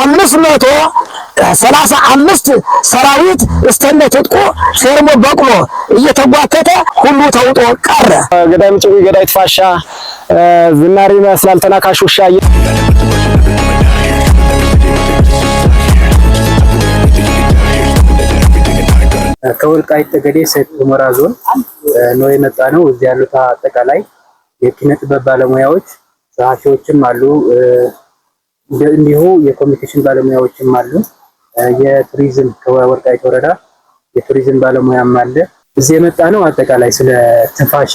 አምስት መቶ ሰላሳ አምስት ሰራዊት እስተነ ትጥቁ ሸርሞ በቅሎ እየተጓተተ ሁሉ ተውጦ ቀረ። ገዳይ ምጭዊ ገዳይ ትፋሻ ዝናሪ መስላል ተናካሽ ውሻ ከወልቃይት ጠገዴ ሰቲት ሁመራ ዞን ነው የመጣ ነው። እዚህ ያሉት አጠቃላይ የኪነ ጥበብ ባለሙያዎች ጸሐፊዎችም አሉ። እንዲሁ የኮሚኒኬሽን ባለሙያዎችም አሉ። የቱሪዝም ከወልቃይት ወረዳ የቱሪዝም ባለሙያም አለ። እዚህ የመጣ ነው አጠቃላይ ስለ ትንፋሻ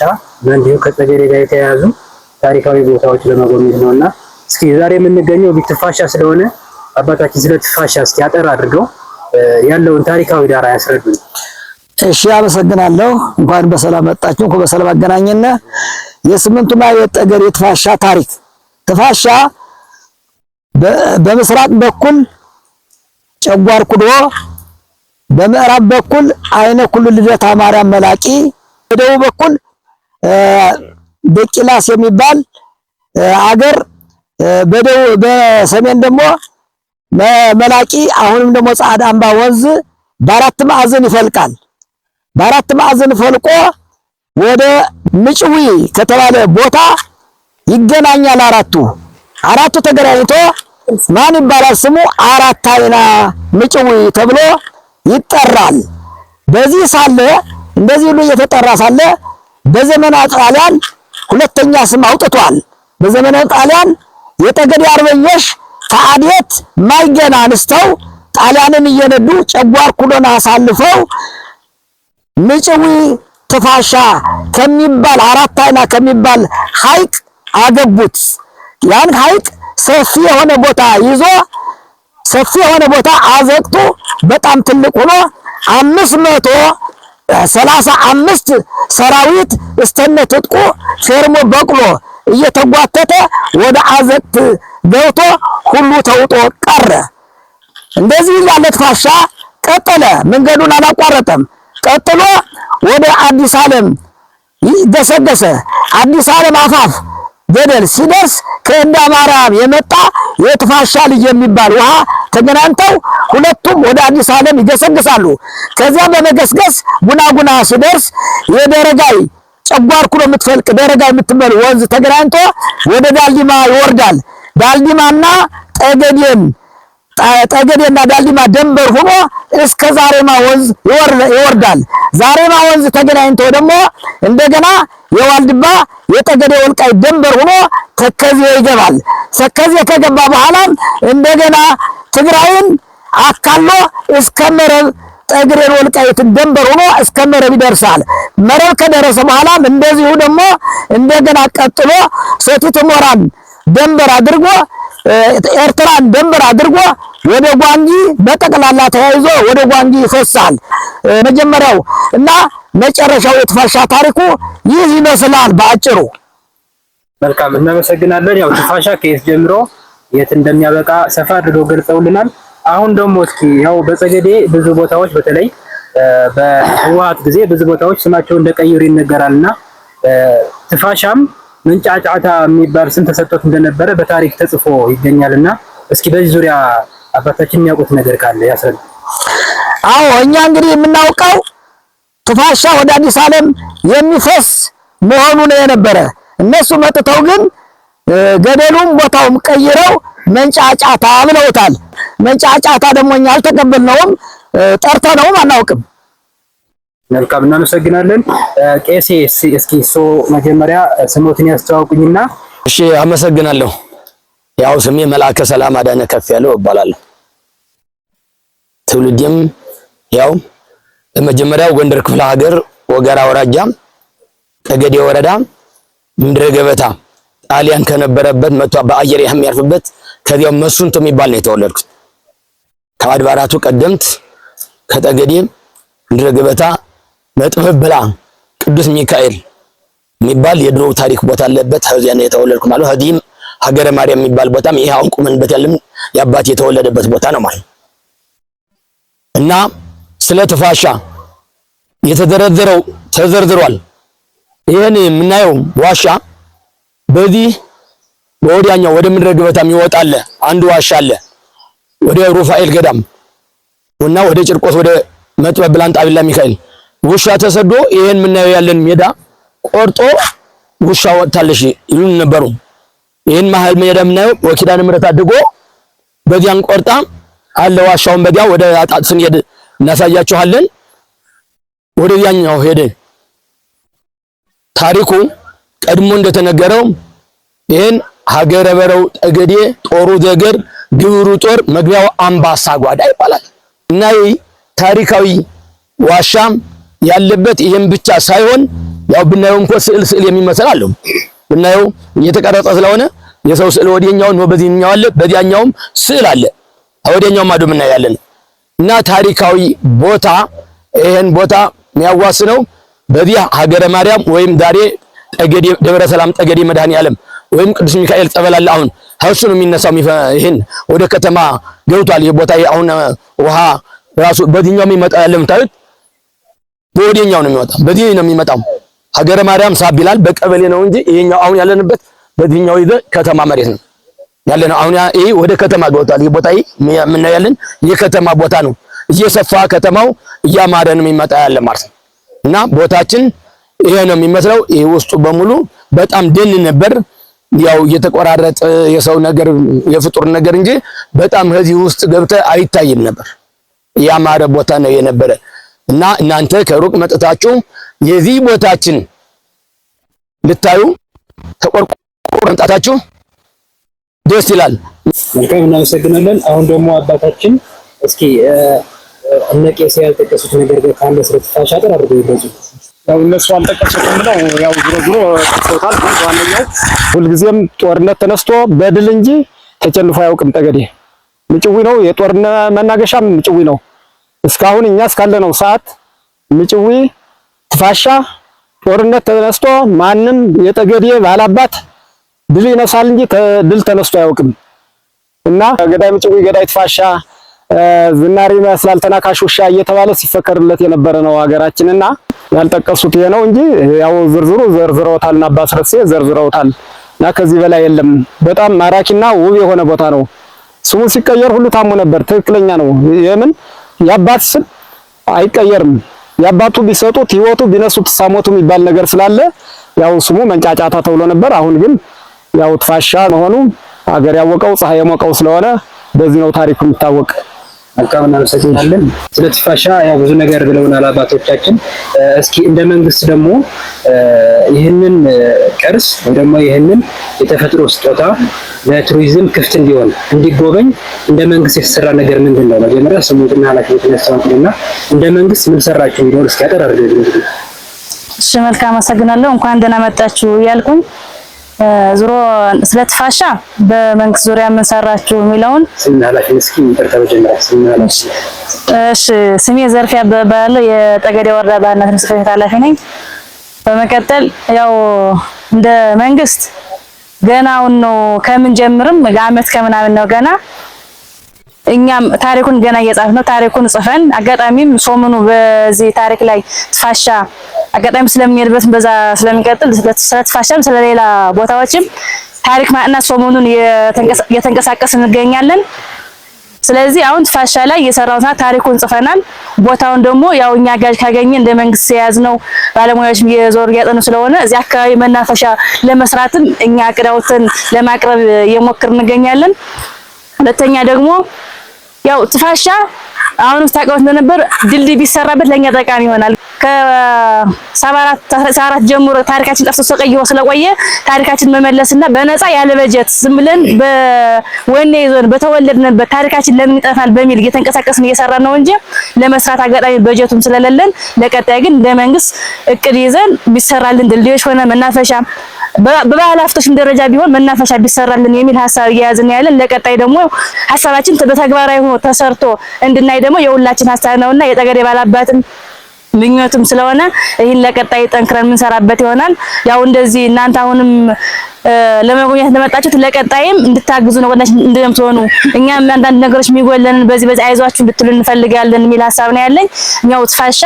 እንዲሁ ከጸገዴ ጋር የተያያዙ ታሪካዊ ቦታዎች ለመጎብኘት ነው እና እስኪ ዛሬ የምንገኘው ትንፋሻ ስለሆነ አባታችን ስለ ትንፋሻ እስኪ አጠር አድርገው ያለውን ታሪካዊ ዳራ ያስረዱ። እሺ፣ አመሰግናለሁ። እንኳን በሰላም መጣችሁ፣ እንኳን በሰላም አገናኘን። የስምንቱ የጠገዴ ትንፋሻ ታሪክ ትንፋሻ በምስራቅ በኩል ጨጓር ኩዶ በምዕራብ በኩል አይነ ኩሉ ልደታ ማርያም መላቂ በደቡብ በኩል በቂላስ የሚባል አገር በሰሜን ደግሞ መላቂ አሁንም ደግሞ ጻዕድ አምባ ወንዝ በአራት ማዕዘን ይፈልቃል። በአራት ማዕዘን ፈልቆ ወደ ምጭዊ ከተባለ ቦታ ይገናኛል። አራቱ አራቱ ተገናኝቶ ማን ይባላል? ስሙ አራት አይና ምጭዊ ተብሎ ይጠራል። በዚህ ሳለ እንደዚህ ሁሉ እየተጠራ ሳለ በዘመነ ጣሊያን ሁለተኛ ስም አውጥቷል። በዘመነ ጣሊያን የጠገዴ አርበኞች ከአዴት ማይገና አንስተው ጣሊያንን እየነዱ ጨጓር ኩሎን አሳልፈው ምጭዊ ትፋሻ ከሚባል አራት አይና ከሚባል ሐይቅ አገቡት። ያን ሐይቅ ሰፊ የሆነ ቦታ ይዞ ሰፊ የሆነ ቦታ አዘቅቱ በጣም ትልቅ ሆኖ አምስት መቶ ሰላሳ አምስት ሰራዊት እስተነ ትጥቁ ፌርሞ በቅሎ እየተጓተተ ወደ አዘቅት ገብቶ ሁሉ ተውጦ ቀረ። እንደዚህ ያለ ትፋሻ ቀጠለ። መንገዱን አላቋረጠም። ቀጥሎ ወደ አዲስ ዓለም ይገሰገሰ። አዲስ ዓለም አፋፍ ገደል ሲደርስ ከእንደ አማራ የመጣ የትፋሻ ልጅ የሚባል ውሃ ተገናኝተው ሁለቱም ወደ አዲስ ዓለም ይገሰግሳሉ። ከዚያ በመገስገስ ጉናጉና ሲደርስ የደረጋይ ጨጓርኩ ነው የምትፈልቅ ደረጋይ የምትመል ወንዝ ተገናኝቶ ወደ ዳልዲማ ይወርዳል። ዳልዲማና ጠገዴን ጠገዴና ዳልዲማ ደንበር ሆኖ እስከ ዛሬማ ወንዝ ይወርዳል። ዛሬማ ወንዝ ተገናኝቶ ደግሞ እንደገና የዋልድባ የጠገዴ ወልቃይ ደንበር ሆኖ ተከዜ ይገባል። ተከዜ ከገባ በኋላም እንደገና ትግራይን አካሎ እስከ መረብ ጠግሬን ወልቃይትን ደንበር ሆኖ እስከ መረብ ይደርሳል። መረብ ከደረሰ በኋላም እንደዚሁ ደግሞ እንደገና ቀጥሎ ሴቲት ሞራን ደንበር አድርጎ ኤርትራን ድንበር አድርጎ ወደ ጓንጂ በጠቅላላ ተያይዞ ወደ ጓንጂ ይፈሳል። መጀመሪያው እና መጨረሻው የትፋሻ ታሪኩ ይህ ይመስላል በአጭሩ። መልካም እናመሰግናለን። ያው ትፋሻ ከየት ጀምሮ የት እንደሚያበቃ ሰፋ አድርገው ገልጸውልናል። አሁን ደግሞ እስኪ ያው በጸገዴ ብዙ ቦታዎች በተለይ በህወሓት ጊዜ ብዙ ቦታዎች ስማቸው እንደቀየሩ ይነገራልና ትፋሻም መንጫጫታ የሚባል ስም ተሰጥቶት እንደነበረ በታሪክ ተጽፎ ይገኛልና እስኪ በዚህ ዙሪያ አባታችን የሚያውቁት ነገር ካለ ያስረዱ። አዎ እኛ እንግዲህ የምናውቀው ትፋሻ ወደ አዲስ ዓለም የሚፈስ መሆኑ ነው የነበረ። እነሱ መጥተው ግን ገደሉም ቦታውም ቀይረው መንጫጫታ ብለውታል። መንጫጫታ ደግሞ እኛ አልተቀበልነውም፣ ጠርተነውም አናውቅም። መልካም እናመሰግናለን። ቄሴ እስኪ እሶ መጀመሪያ ስሞትን ያስተዋውቁኝና። እሺ አመሰግናለሁ። ያው ስሜ መልአከ ሰላም አዳነ ከፍ ያለው እባላለሁ። ትውልዴም ያው መጀመሪያው ጎንደር ክፍለ ሀገር ወገራ አውራጃ ጠገዴ ወረዳ ምድረ ገበታ ጣሊያን ከነበረበት መጥቷ በአየር የሚያርፍበት ከዚያው መሱንቶ የሚባል ነው የተወለድኩት። ከአድባራቱ ቀደምት ከጠገዴ ምድረ ገበታ መጥበብ ብላ ቅዱስ ሚካኤል የሚባል የድሮ ታሪክ ቦታ አለበት። ከዚያ ነው የተወለድኩ ማለት ከዚህም ሀገረ ማርያም የሚባል ቦታም ይሄ አሁን ቁመንበት ያለም የአባት የተወለደበት ቦታ ነው ማለት እና ስለ ትፋሻ የተደረደረው ተዘርዝሯል። ይህን የምናየው ዋሻ በዚህ በወዲያኛው ወደ ምድረ ገበታ የሚወጣ አለ። አንድ ዋሻ አለ ወደ ሩፋኤል ገዳም እና ወደ ጭርቆስ ወደ መጥበብ ብላን ጣቢላ ሚካኤል ውሻ ተሰዶ ይሄን የምናየው ያለን ሜዳ ቆርጦ ውሻ ወጥታለሽ ይሉን ነበሩ። ይሄን መሀል ሜዳ የምናየው ወኪዳነ ምሕረት አድጎ በዚያን ቆርጣ አለ ዋሻውን በዚያ ወደ አጣጥ ስንሄድ እናሳያችኋለን። ወደ ያኛው ሄደ ታሪኩ ቀድሞ እንደተነገረው ይሄን ሀገረ በረው ጠገዴ ጦሩ ዘገር ግብሩ ጦር መግቢያው አምባሳ ጓዳ ይባላል እና ይህ ታሪካዊ ዋሻም ያለበት ይህም ብቻ ሳይሆን ያው ብናየው እንኳን ስዕል ስዕል የሚመስል አለው ብናየው እየተቀረጸ ስለሆነ የሰው ስዕል ወዲያኛው ነው፣ በዚህኛው አለ፣ በዚያኛውም ስዕል አለ፣ ወዲያኛው ማዶ ምን ያያለን እና ታሪካዊ ቦታ ይሄን ቦታ የሚያዋስነው በዚህ ሀገረ ማርያም ወይም ዛሬ ጠገዴ ደብረ ሰላም ጠገዴ መድኃኔ ዓለም ወይም ቅዱስ ሚካኤል ጸበል አሁን እሱ ነው የሚነሳው። ይሄን ወደ ከተማ ገብቷል። ይሄ ቦታ አሁን ውሃ ራሱ በዚህኛው የሚመጣ ያለም የምታዩት በወዲኛው ነው የሚወጣው፣ በዚህ ነው የሚመጣው። ሀገረ ማርያም ሳብ ይላል። በቀበሌ ነው እንጂ ይሄኛው አሁን ያለንበት በዲኛው ይዘ ከተማ መሬት ነው ያለነው። አሁን ይሄ ወደ ከተማ ገብቷል። ይሄ ቦታ የምናየው ያለን የከተማ ቦታ ነው። እየሰፋ ከተማው እያማረ ነው የሚመጣ ያለ ማለት ነው። እና ቦታችን ይሄ ነው የሚመስለው። ይሄ ውስጡ በሙሉ በጣም ደን ነበር። ያው እየተቆራረጠ የሰው ነገር የፍጡር ነገር እንጂ በጣም ከዚህ ውስጥ ገብተ አይታይም ነበር። ያማረ ቦታ ነው የነበረ። እና እናንተ ከሩቅ መጥታችሁ የዚህ ቦታችን ልታዩ ተቆርቆሮ መምጣታችሁ ደስ ይላል። በጣም እናመሰግናለን። አሁን ደግሞ አባታችን እስኪ እነ ቄስ ያልጠቀሱት ነገር ጋር ካለ ስለተፋሽ አጠር አድርገው ይገዙ። ያው እነሱ አልጠቀሱትም ነው ያው ዞሮ ዞሮ ተቆታል። ዋነኛው ሁልጊዜም ጦርነት ተነስቶ በድል እንጂ ተጨንፎ አያውቅም። ጠገዴ ምጭዊ ነው፣ የጦርነት መናገሻም ምጭዊ ነው። እስካሁን እኛ እስካለነው ሰዓት ምጭዊ ትፋሻ ጦርነት ተነስቶ ማንም የጠገዴ ባላባት ድል ይነሳል እንጂ ድል ተነስቶ አያውቅም። እና ገዳይ ምጭዊ፣ ገዳይ ትፋሻ፣ ዝናሪ መስላል ተናካሽ ውሻ እየተባለ ሲፈከርለት የነበረ ነው ሀገራችንና ያልጠቀሱት ይሄ ነው እንጂ ያው ዝርዝሩ ዘርዝረውታልና አባስረሴ ዘርዝረውታል። እና ከዚህ በላይ የለም። በጣም ማራኪና ውብ የሆነ ቦታ ነው። ስሙ ሲቀየር ሁሉ ታሙ ነበር። ትክክለኛ ነው የምን የአባት ስም አይቀየርም። የአባቱ ቢሰጡት ህይወቱ ቢነሱት ሳሞቱ የሚባል ነገር ስላለ ያው ስሙ መንጫጫታ ተብሎ ነበር። አሁን ግን ያው ትፋሻ መሆኑ አገር ያወቀው ፀሐይ የሞቀው ስለሆነ በዚህ ነው ታሪኩ የሚታወቅ። መልካም እናመሰግናለን። ስለ ትንፋሻ ያው ብዙ ነገር ብለውናል አባቶቻችን። እስኪ እንደ መንግስት ደግሞ ይህንን ቅርስ ወይ ደግሞ ይህንን የተፈጥሮ ስጦታ ለቱሪዝም ክፍት እንዲሆን እንዲጎበኝ እንደ መንግስት የተሰራ ነገር ምንድን ነው? መጀመሪያ ስሙትና ኃላፊነት ነሳውና እንደ መንግስት ምን ሰራችሁ? እንዲሆን እስኪ ያጠራርገ። እሺ መልካም አመሰግናለሁ። እንኳን ደህና መጣችሁ ያልኩኝ ዙሮ ስለ ትፋሻ በመንግስት ዙሪያ ምን ሰራችሁ የሚለውን እሺ። ስሜ ዘርፊያ እባላለሁ የጠገዴ ወረዳ ባህልና ቱሪዝም ጽሕፈት ቤት ኃላፊ ነኝ። በመቀጠል ያው እንደ መንግስት ገናውን ነው ከምን ጀምርም አመት ከምናምን ነው ገና እኛም ታሪኩን ገና እየጻፍ ነው። ታሪኩን ጽፈን አጋጣሚም ሶምኑ በዚህ ታሪክ ላይ ትፋሻ አጋጣሚ ስለሚሄድበትም በዛ ስለሚቀጥል ስለትፋሻም ስለሌላ ቦታዎችም ታሪክ ማጥናት ሶምኑን እየተንቀሳቀስ እንገኛለን። ስለዚህ አሁን ትፋሻ ላይ የሰራውና ታሪኩን ጽፈናል። ቦታውን ደግሞ ያው እኛ አጋዥ ካገኘ እንደ መንግስት የያዝ ነው ባለሙያዎች የዞር እያጠኑ ስለሆነ እዚህ አካባቢ መናፈሻ ለመስራትም እኛ አቅዳውትን ለማቅረብ እየሞክር እንገኛለን። ሁለተኛ ደግሞ ያው ትፋሻ አሁን ስታቀው እንደነበር ድልድይ ቢሰራበት ለኛ ጠቃሚ ይሆናል። ከ74 ጀምሮ ታሪካችን ጠፍቶ ተቀይሮ ስለቆየ ታሪካችን መመለስና በነፃ ያለ በጀት ዝም ብለን በወኔ ይዞን በተወለድንበት ታሪካችን ለምን ይጠፋል በሚል እየተንቀሳቀስን እየሰራን ነው እንጂ ለመስራት አጋጣሚ በጀቱም ስለሌለን፣ ለቀጣይ ግን ለመንግስት እቅድ ይዘን ቢሰራልን ድልድዮች ሆነ መናፈሻ በባህል ሀብቶችም ደረጃ ቢሆን መናፈሻ ቢሰራልን የሚል ሀሳብ እየያዝን ያለን። ለቀጣይ ደግሞ ሀሳባችን በተግባራዊ ሆኖ ተሰርቶ እንድናይ ደግሞ የሁላችን ሀሳብ ነውና የጠገዴ ባላባትም ምኞቱም ስለሆነ ይህን ለቀጣይ ጠንክረን የምንሰራበት ይሆናል። ያው እንደዚህ እናንተ አሁንም ለመጎብኘት እንደመጣችሁት ለቀጣይም እንድታግዙ ነው ወዳች እንደምትሆኑ እኛም አንዳንድ ነገሮች የሚጎለንን በዚህ በዚህ አይዟችሁ እንድትሉ እንፈልጋለን የሚል ሀሳብ ነው ያለኝ። እኛው ትፋሻ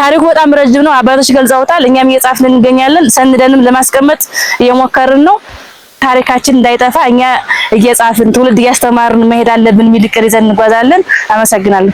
ታሪኩ በጣም ረጅም ነው፣ አባቶች ገልጸውታል። እኛም እየጻፍን እንገኛለን፣ ሰንደንም ለማስቀመጥ እየሞከርን ነው። ታሪካችን እንዳይጠፋ እኛ እየጻፍን ትውልድ እያስተማርን መሄድ አለብን የሚል እቅድ ይዘን እንጓዛለን። አመሰግናለሁ።